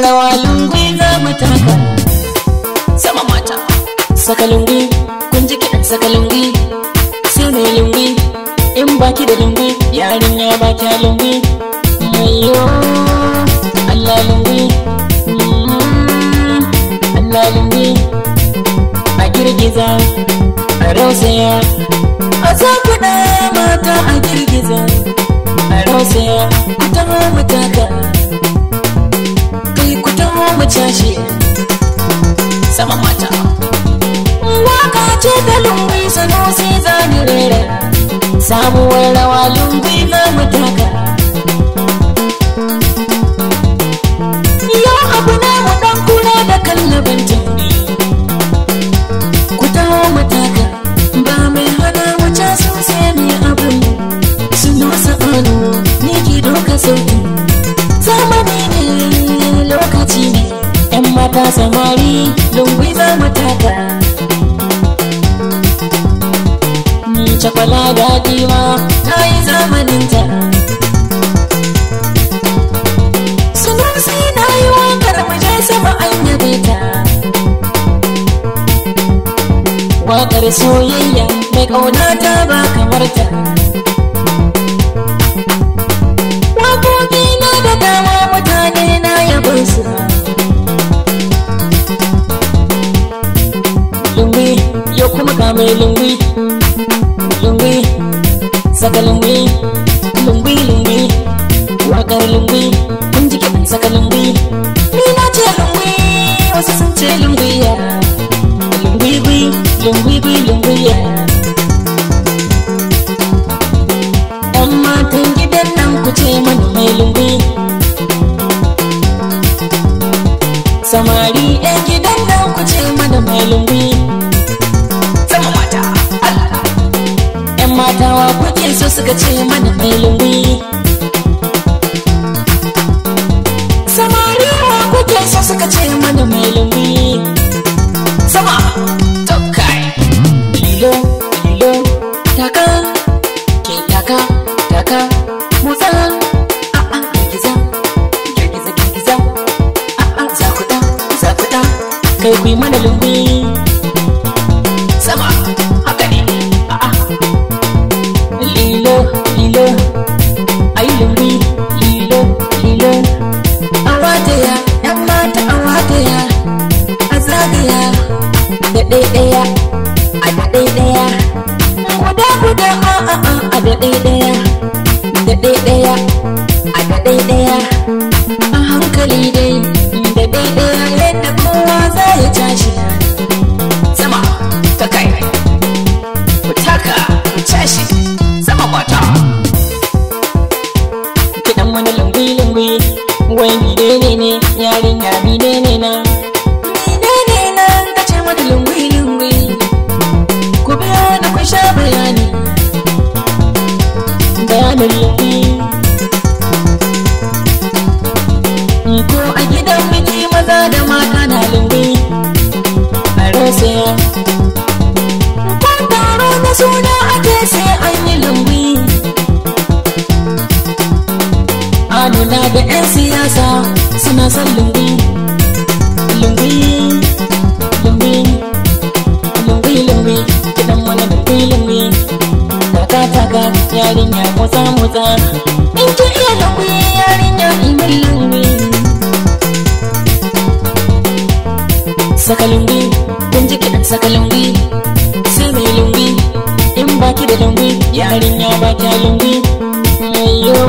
rawa lungwi za mu taka sama mata saka lungwi kun ji kiɗan saka lungwi su ne lungwi in baki da yarin ya baki a lungwi mayo Allah lungwi mm, Allah lungwi a girgiza a rausaya a zakuɗa mata a girgiza a rausaya a taho mutaka ce sama mata waka ce ta lumbai sano sai samuwar tari lungu za mu taka ni cakwala daɗi ma na yi zamanin ta sunan sai na yi sama an yabe ta wakar soyayya mai ƙauna ta ba kamar ta saka lungi lungi lungi wakar lungi kun ji kiɗan saka lungi ni na ce lungi wasu sun ce ya lungi bi lungi bi lungi ya ɗan matan gidan nan ku ce mana mai lungi samari 'yan gidan nan ku ce suka ce mana mai lumbi samari wa kuke so suka ce mana mai lumbi sama tokai lilo lilo taka ke taka taka motsa a'a girgiza girgiza girgiza a'a zakuta zakuta kai kuyi mana lumbi kuɗi da maula da 'yan siyasa suna son lungun lungun lungun lungun lungun kidan mana lungun lungun taka taka yarinya motsa motsa in ki iya lungun yarinya imin lungun saka lungun kun ji kidan saka lungun sai mai lungun in baki da lungun yarinya baki mai yau.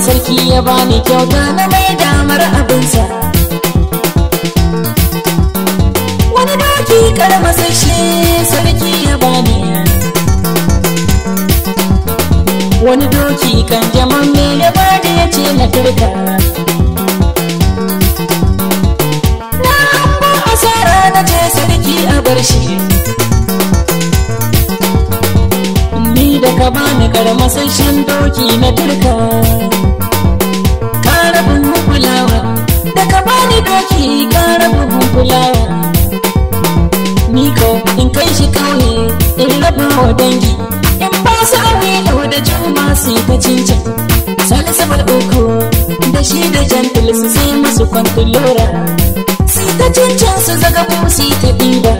sarki ya bani kyauta na mai damar abinsa wani doki karmasashe sarki ya bani wani doki kan jaman mai ya bani ya ce na turka na amma asara na ce sarki a bar shi karmasashen doki na turka kara buhun fulawa daga bani doki kara buhun fulawa niko in kai shi kauye in raba wa dangi in ba su awilo da juma su ta cinca sani sabar uku da shi da jantil su sai musu kwantulora su ta cinca su zaga busi ta ɗiba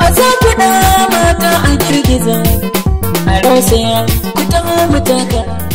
a za ku mata a girgiza a rausaya ku ta mutaka